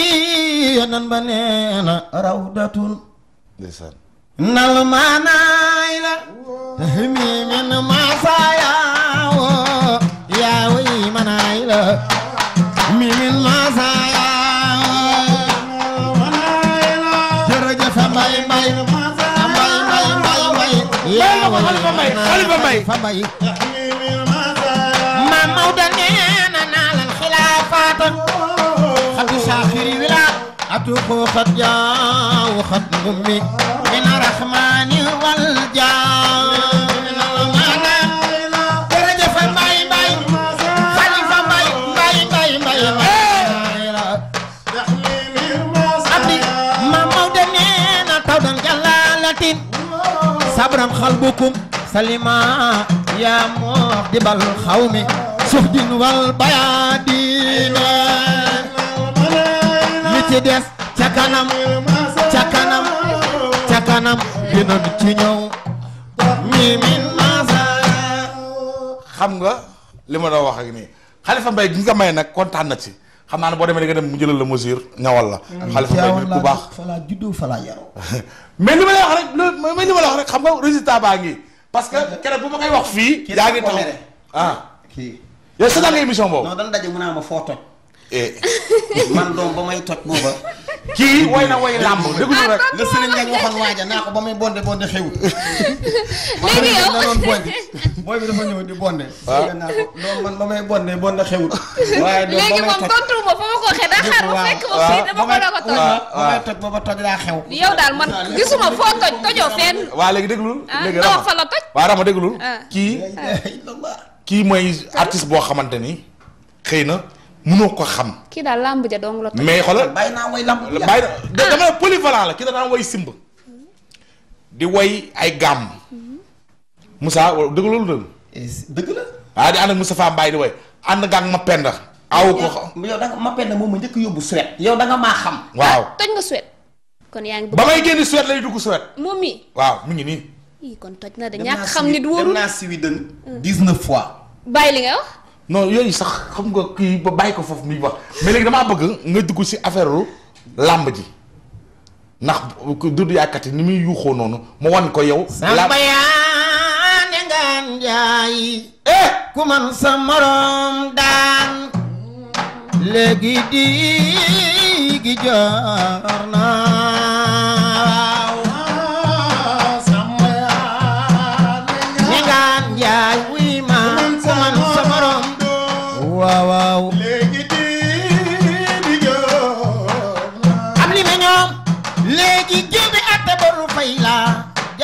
ya neena rawdatun nal tahmi min Xalifa Mbay Xalifa Mbay maam Maodo nee na naalal xilaafaata xatu saafiri wi la atu ko xat jaaw xat ngummi min rahmaani wal jaaw كرم خلبكم سليما يا مغضب الخوم سهد والبيادين لتدس تكنم تكنم تكنم بنم تنيو ميمين مازا خمغا لما دا واخ ني خليفه مباي غيغا ماي نك كونتان نتي xam naa ne boo demee da nga dem mu jëlal la mesure ñawal la. xalifa mbay mi ku baax fala juddoo fala yaroo mais li ma la wax rek loolu mais li ma la wax rek xam nga résultat baa ngi parce que keroog bu ma koy wax fii. yaa ngi taxaw ah. kii yow seetaan nga émission boobu. non dañu daje ma foo Eh. man doom ba may toj booba. kii woy na woy làmb déglu rek. la sëriñ di bonde. waaw ah. naa ko doom man ba may bonde fa ma ah. a ko toj. waaw ah. ba laa xew. yow daal man gisuma foo toj tojoo waa léegi déglul. léegi rama fa kii kii mooy artiste boo xamante ni xëy na mënoo ko xam. ki da lamb ja dong la. mais xolal bayna moy lamb. bàyyi na dama polyvalent la ki da na way simb. di way ay gam Moussa deug loolu deug dëgg la. ah di ànd ak Moustapha bay di way ànd gaag ma penda. aw ko xam yow da nga ma penda mo ma ndek yóbbu Suède. yow da nga ma xam. waaw ah, toñ nga Suède. kon yaangi ba may genn Suède lay dugg Suède. momi waaw mi ngi ni nii. kon toj na de ñak xam nit woru dem naa si wi dën. 19 fois. bay li nga wax non yoy sax xam nga ki ba bàyyi ko foofu muy wax mais léegi dama bëgg nga dugg si affaire ru lamb ji ndax Doudou Yakhaty ni mi yuxo nonu mo wan ko yow. Ya jaay. eh ku man samaram dan daan di gi jarna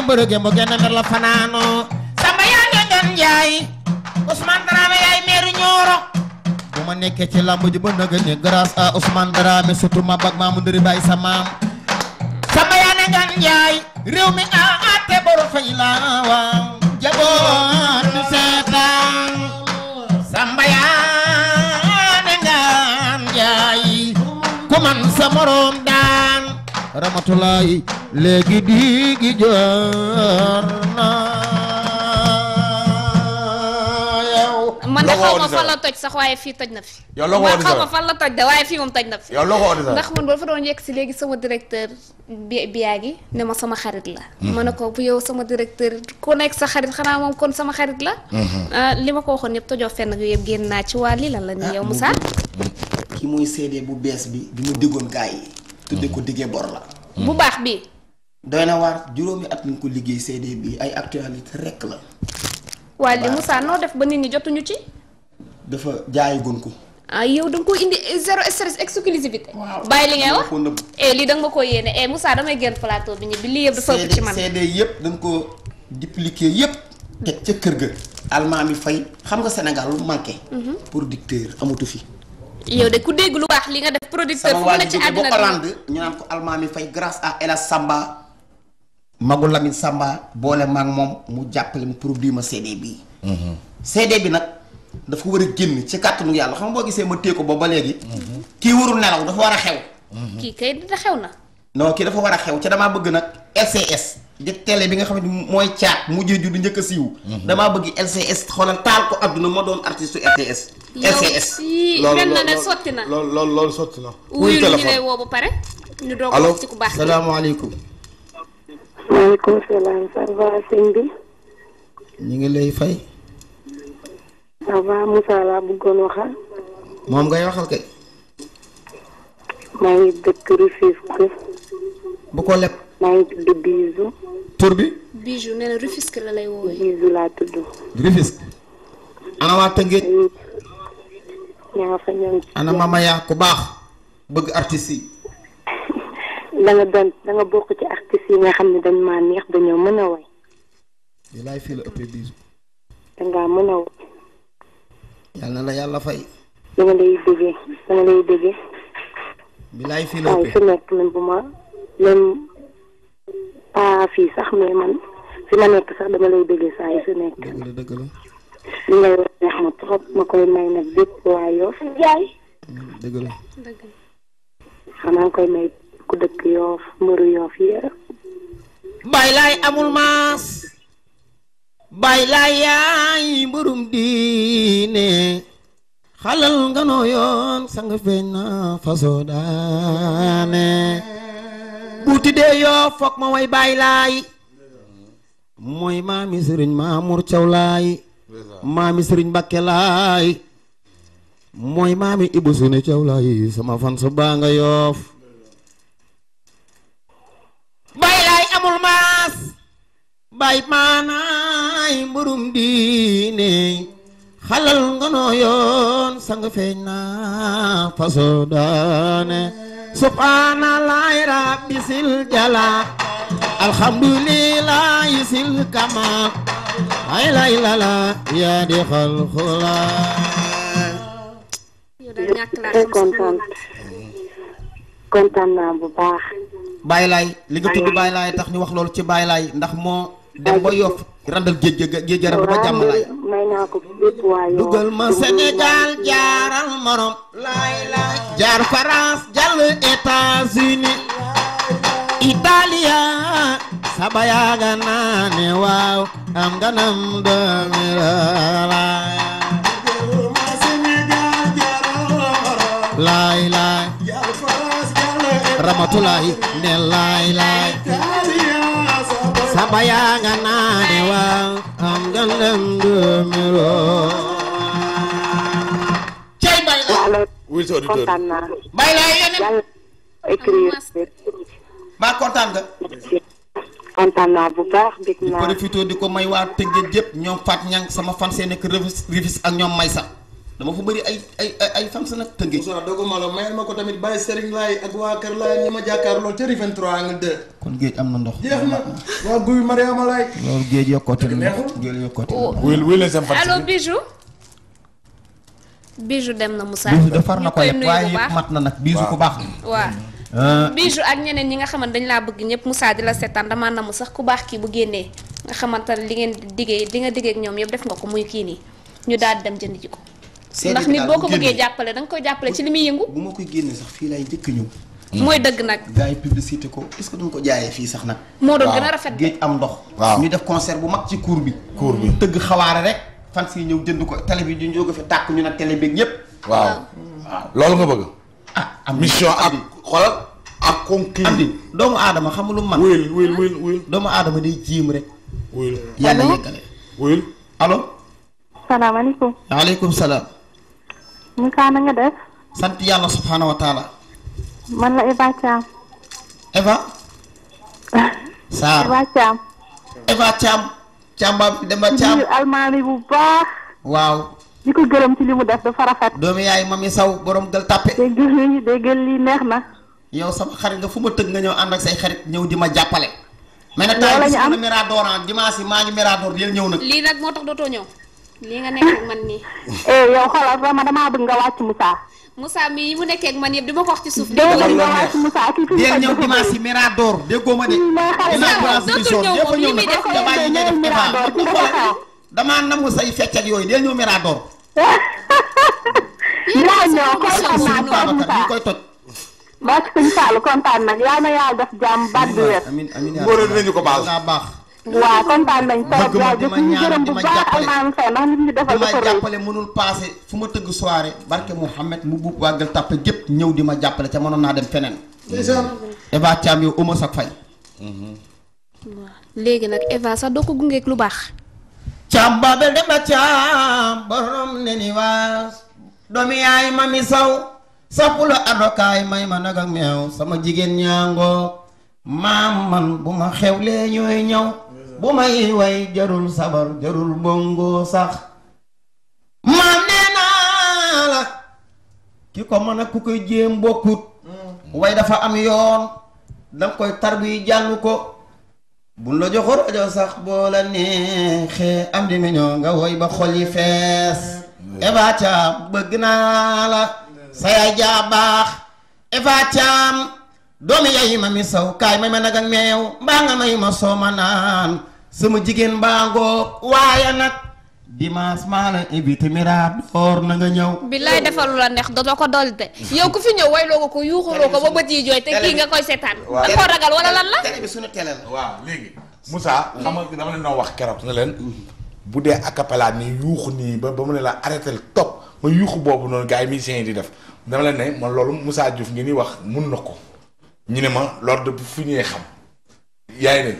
ci mburu gi mu génn ndar fanaanoo samba yaa ñoñoon njaay Ousmane Dramé yaay meeru ñooro bu ma nekkee ci làmb ji ba nëgë ni grâce à Ousmane ma bag maamu ndëri baay sa maam samba yaa ñoñoon mi a àtte boru fay laa waaw jaboot ñu seetaan samba yaa ñoñoon njaay ku man sa moroom daa ramatulaay léegi digi jaar naa yow. man de xaw ma fan la toj sax waaye fii toj na fi. yow loo ko woon waaye fii moom toj na fi. yow loo ko woon ndax man ba fa doon yegg si léegi sama directeur bi ne ma sama xarit la. Hmm. ma ne ko bu yow sama directeur ku nekk sa xarit xanaa moom kon sama xarit la. Hmm, hmm. Ah, li ma ko waxoon yëpp tojoo fenn ak génn naa ci waa lii lan la nii ah, yow Moussa. ki muy CD bu bees bi bi mu déggoon gars yi. te di ko diggee bor la. Mm-hmm. bu baax bi. doy na waar juróomi at ñu ko liggéey CD bi ay actualité rek la. waaye li Moussa noo def ba nit ñi jotuñu ci. dafa jaayi gun ko. ah yow da nga koo indi zéro stress exclusivité. waaw bàyyi li ngay wax eh lii da nga ko yéene eh Moussa damay génn plateau bi ñibbi lii yëpp dafa ëpp ci man. CD yëpp da nga ko dupliquer yëpp. teg ca kër ga. almaami fay xam nga Sénégal lu manqué. Mm-hmm. producteur amatu fi. yow de ku dégg lu baax li nga def producteur fu mu la ci àddina sama ñu naan ko almaami fay grâce a El Hadj Samba. Magu Lamine Samba boole maag moom mu jàppale mu produit ma CD bii. Mhm. CD bi nag dafa war a génn ci kàttanu yàlla xam nga boo gisee ma téye ko ba léegi. Mhm. kii warul nelaw dafa war a xew. Mhm. kii kay dina xew na. non kii dafa war a xew ci damaa bëgg nag LCS. télé bi nga xam ne mooy caat mujjee juddu njëkk a siiw. Mhm. damaa bëgg LCS xoolal taal ko adduna ma doon artiste RTS. LCS loolu loolu loolu sotti na. wuyu ñu lay woo ba pare. ñu doog a ci ku baax allo salaamaaleykum. maaleykum salaam ça va sëñ bi. ñu ngi lay fay. ça va Moussa laa bëggoon ngay waxal kay. bu ko leb. maa ngi tudd Bijou. tur bi. Bijou nee na Rufisque la lay woowee. Bijou laa tudd. Rufisque. ana waa Tëngéej. ña nga fa ñoom. ana mama yaa ku baax. bëgg artistes yi. da nga doon da nga bokk ci artistes yi nga xam ne dañ maa neex dañoo mën a woy. yàllaay fii la ëppee Bijou. da ngaa mën a woy. yal na la yàlla fay. dama lay déggee dama lay déggee. bilaay fii la ëppee waaye su nekk même bu ma même. pas fii sax mais man fi ma nekk sax dama lay bëggee saa su nekk. dëgg la dëgg la. li ngay koy may waa Yoff. dëgg la. xanaa koy ku dëkk Yoff mbëru Yoff yëpp. bay laay amul maas. bay laay yaay mbërum diine. xalal nga noo yoon sang feeñ na faso daane. bu tuddee yoo foog ma way bàyyi mooy maami sëriñ Mamour Thiaw maami sëriñ Mbakke mooy maami Ibou Sine Thiaw sama fan sa baa nga yoof bàyyi amul maas bàyyi maanaay mburum diine xalal nga noo sang feeñ na faso daane subhanallahi rabbisil jala alhamdulillahi sil kama ayla ilala yaa di xal xula kontaan kontaan naa Baay Laay li nga tudd Baay Laay tax ñu wax loolu ci Baay Laay ndax moo dem ba yof randal géej lain. jaram ba jàmm lay dugal ma Sénégal jaaral morom laay laay jaar France jàll États-Unis Italia saba yaa nga naane Laila, am Laila, Laila, doomi laay laay laay ne laay laay samba yaa nga naane waaw am gàllam dooméro. Thièye Mbaye la. wuyu sa auditeur kontaan naa. Mbaye laa yeneen. yàlla écrire. maa kontaan nga. kontaan naa bu baax. di ko profité di ko may waa Tëngéej yëpp ñoom Fatou Niang sama fan see nekk Rufisque ak ñoom Maysa. dama fa bëri ay ay ay fans nag tëggee. Moussa dogu ma la mayal ma ko tamit Baye Serigne Laye ak waa Kër Laye ñi ma jàkkaarloo ca rue 23 angle 2. kon géej am na ndox. jeex na waa Guy Mariama Laye. loolu géej yokkoote la géej yokkoote oh. dem na Moussa. Bijou defar na ko yëpp waaye yëpp mat na nag Bijou ku baax. waaw. Euh, Bijou ak ñeneen ñi nga xamante dañ laa bëgg ñëpp musaa di la seetaan damaa namu sax ku baax kii bu génnee nga xamante ne li ngeen diggee li nga diggee ñoom yëpp def nga ko muy kii nii ñu daal dem jënd ji ko ndax nit boo ko bëggee jàppale da ko jàppale ci li muy yëngu. bu ma koy génne sax fii laay njëkk ñëw. Mm. mooy dëgg nag. gaa yi publicité ko est ce que duñ ko jaayee fii sax nag. moo doon gën a rafet géej am ndox. waaw ñu def concert bu mag ci kuur bi. cour bi tëgg xawaare rek. fan si ñëw jënd ko télé bi ñu ko fi tàkk ñu nag télé beeg yëpp. waaw waaw loolu nga bëgg. ah am mission ak xoolal ak conquis. doomu aadama xam lu man wuyul wuyul wuyul wuyul. doomu aadama day jéem rek. wuyul yàlla yeggale. wuyul allo. salaamaaleykum. waaleykum salaam. Moussa na nga def. sant yàlla subhaana man la Eva Thiam. Eva. Saar Eva Thiam. Eva Thiam. Thiam ba Demba bu baax. waaw. di ko gërëm ci li mu def dafa rafet. doomu yaay mami saw borom gël tàppe. dégg lii lii neex na. yow sama xarit nga fu ma tëgg nga ñëw ànd ak say xarit ñëw di ma jàppale. mais nag temps yii gis nga Mirador ah dimanche yi maa ngi Mirador di ñëw nag. lii nag moo tax dootoo ñëw. lii nga nekk ak man nii. Eh, yow xoolal damaa bëgg nga wàcc Moussa. Moussa mii mu nekkee ak man yëpp dama ko wax ci suuf. dama nga wàcc Moussa kii kii ñëw dimanche Mirador déggoo ma de. Moussa dootul ñëw moom li muy ñëw Mirador. dinaa ñëw kontaan naa ko Moussa koy toj. baax suñu Saalu kontaan nag yaa na yàlla def jàmm baat bi wér. amiin amiin yaa ko baal waaw kontaan nañ trop waaw di ñu ma jàppale mënul passé fu ma tëgg soirée barke Mouhamed mu buub waa gépp ñëw di ma jàppale ca mënoon naa dem feneen Eva Thiam yow ëmma mhm. lu baax Thiam Babel Demba adokaay may ma nag meew sama jigéen ñaango maam man bu ma xewlee ñooy ñaw bu may way jarul sabar jarul bongo sax maam nee naa la ki ko mën a ku koy jéem bokkut way dafa am yoon danga koy tarbi jàng ko bu la joxo rajo sax boo la neexee am di meñoo nga woy ba xol yi fees Eva Thiam bëgg naa la sa yaay jaa baax Eva doomi yayi ma mi saw kaay ma ma nag ak meew mbaa nga may ma soo ma naan sama jigéen mbaa ngoog waaye nag dimanche maa la invité Mirador na nga ñëw. billaay defalu la neex dootoo ko dolli te yow ku fi ñëw wayloo ko ko yuuxuloo ko ba bët yi jooy nga koy seetaan. waaw da koo ragal wala lan la. télé bi suñu la. waaw wax keroog ne leen. bu dee acapella nii yuuxu nii ba ba mu ne la arrêté topp ma yuuxu boobu noonu gars yi musiciens yi di def dama leen ne man loolu musaa Diouf ngi ni wax mun na ko. ñu ne ma l'ordre bu fu ñee xam. yaay ne.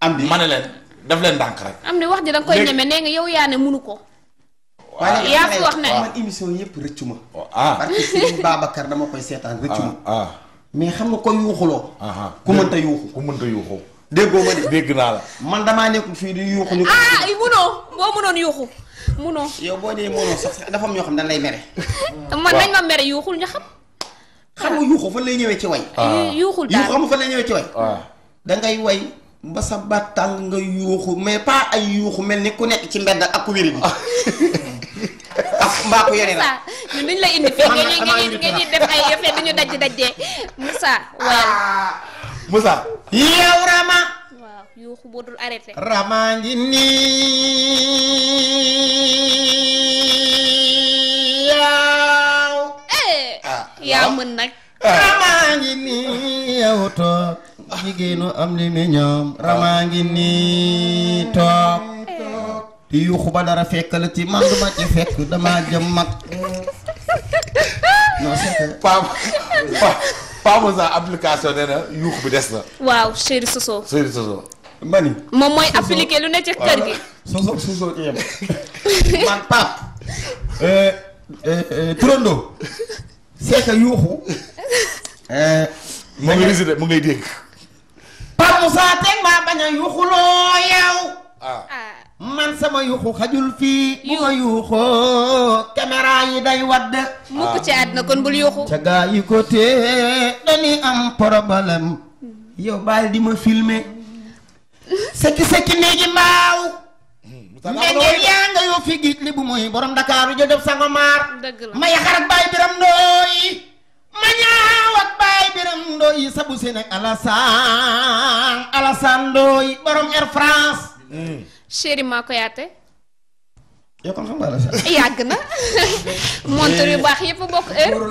am di ma ne leen daf leen dànk rek. am di wax ji da nga koy ñeme nee nga yow yaa ne munu ko. waaw yaa fi wax ne man yëpp rëccu ma. ah parce dama koy seetaan rëccu ah. Ah. xam nga koy yuuxuloo. Ah. ku man damaa nekkul fii di yuuxu ñu. ah munoo yow boo dee munoo sax dafa am ñoo xam dañ lay mere. man nañ ma mere yuuxul ñu xam. xam nga ah. yuuxu fan lay ñëwee ci way. Ah. Eh, yuuxul daal yuuxu xam nga lay ñëwee ci way. Ah. da way ba sa baat nga yuuxu mais pas ay yuuxu mel ni ku nekk ci mbedd ak ku wéri bi. ak mbaa ku yeneen la ñun duñ la indi fii nga ñuy def ay yëf duñu daj dajee Moussa waaw. Moussa. yow Rama. waaw yuuxu boo dul arrêté. Rama ngi nii. mën nag. ramaa ngi nii yow toog jigéenu am li mi ñoom ramaa ngi nii toog di ba dara fekk la ci man duma ci fekk damaa jëm mag non c'est application nee yuux bi des na. waaw chéri Soso. chéri moom mooy appliqué lu ne ca kër gi. Soso ci yem. man Pape. Euh, euh, euh, Turando. c'est yuuxu. Eh, mu ngi visité mu ngay dégg. Pape Moussa teg maa bañ yuuxuloo yow. Ah. Ah. man sama yuuxu xajul fii. yu ma yuuxoo caméra yi day wadd. mukk ci àddina kon bul yuuxu. ca gaa yi ko tee dañuy am problème. Mm. yow baal di ma filmer. Mm. sëkki sëkki néegi mbaaw. ndengeen yaa nga yoo fi giij li bu muy borom Dakaaru jëjëf Sangomar ma yaxar ak baay biram ndooy ma ñaaw ak baay biram ndooy sabu seen ak Alassane Alassane ndooy borom Air France hmm. chéri maa ko yaate yoo kon xam nga Alassane yàgg na montre yu baax yëpp bokk heure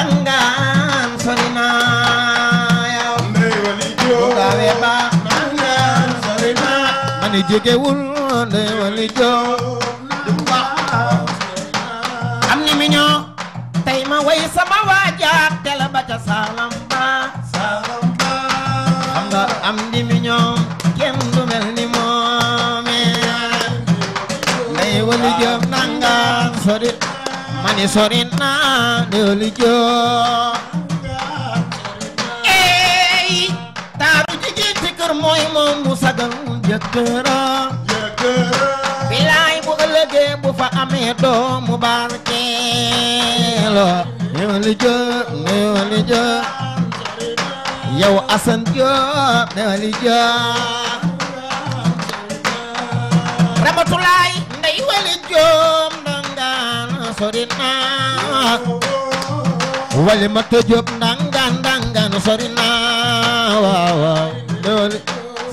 li jegewul ndey wali am ni mi ñoo ma way sama waajaat tele ba ca saalam am ni mi ñoo du mel ni moome ndey wali nanga sori mani sori naa ndey wali joo ey taaru mooy moom jëkkëra jëkkëra bilaay bu ëllëgee bu fa amee doomu barkeelo yow li jëp yow li jëp yow asan jëp yow li jëp ramatulaay ndey wali joom dangaan sori naa wali ma tëjëb dangaan dangaan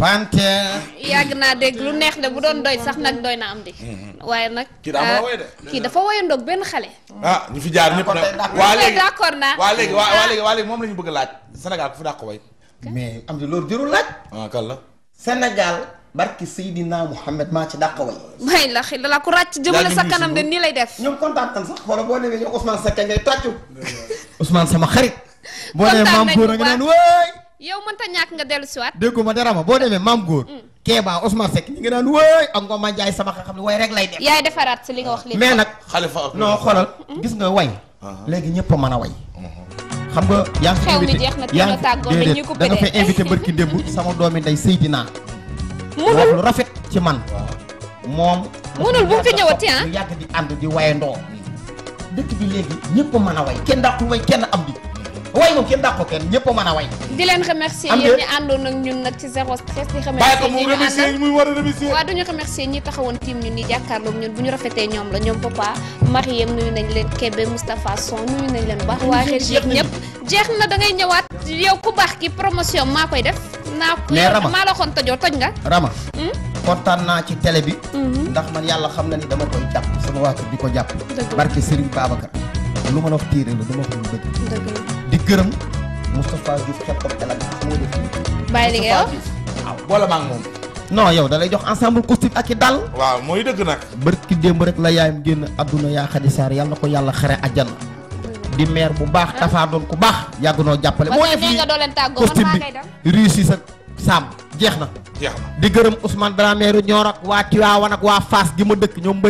panteer. yàgg naa dégg lu neex de bu doon doy sax nag doy na am di. Mm-hmm. waaye nag. kii daa euh, woy de. kii dafa woyandoog benn xale. ah ñu fi jaar ñëpp ah, nag. waa léegi d'accord naa waa léegi ah. waa léegi waa léegi moom la ñu bëgg laaj. Sénégal ku fi dàq way. mais am di loolu jërul laaj. ah kan la. Sénégal. barki Seydina Mouhamed maa ci dàq way. may la xëy la ku ràcc jëmale sa kanam de nii lay def. ñoom kontaan tan sax wala boo demee ñoom Ousmane Seck ngay tàccu. Ousmane sama boo demee maam Góor a nga naan waay yow ta ñak nga wat deggu ma dara ma bo demé mam goor mm. keba Ousmane fek ñi nga nan wooy ak ngoma jaay sama xam ne way rek lay def yaay defarat ci li nga wax li mais nak khalifa ak non xolal mm-hmm. gis nga way legi ñepp a way mm-hmm. xam nga ya ngi xew jeex na teel a tàggoo dañ ñu da nga fay invité barki demb sama doomi ndey Seydina mënul lu rafet ci man mom mënul bu fi ñëwati ah yag di and di wayendo. dëkk bi legi ñepp a a way kenn ko way kenn am bi way moom kenn dàq ko kenn ñëpp a mën a way. di leen remercier yéen ñi àndoon ak ñun nag ci zéro stress. di remercier ñi ñu àndal muy war a remercier. waaw duñu remercier ñi taxawoon tiim ñun ñi jàkkaarloog ñun bu ñu rafetee la ñoom papa Mariem nuyu nañ leen Kébé Moustapha Son nuyu nañ leen baax. waa régie ñëpp jeex na da ngay ñëwaat. yow ku baax ki promotion maa koy def. naa ko maa la xoon tojoo toj nga. Rama. Hmm? kontaan naa ci télé bi. Hmm. ndax man yàlla xam na ni dama koy jàpp sama waa kër di ko jàpp. barke Serigne Babacar lu la wax téere la lu ma wax lu gërëm Moustapha Diouf xeppam elag moo def bàyyi li yow waaw boole maa ngi non yow da jox ensemble costume ak dal waaw mooy dëgg nak. bërki démb rek la yaayam génn àdduna ya Xadi Saar ko di mer bu baax dafaa ya ku baax yàgg def costume bi réussi sa saam jeex di gërëm Ousmane Dramé Nioro ak waa Tiwaawan ak waa Fass gi ma dëkk ñoom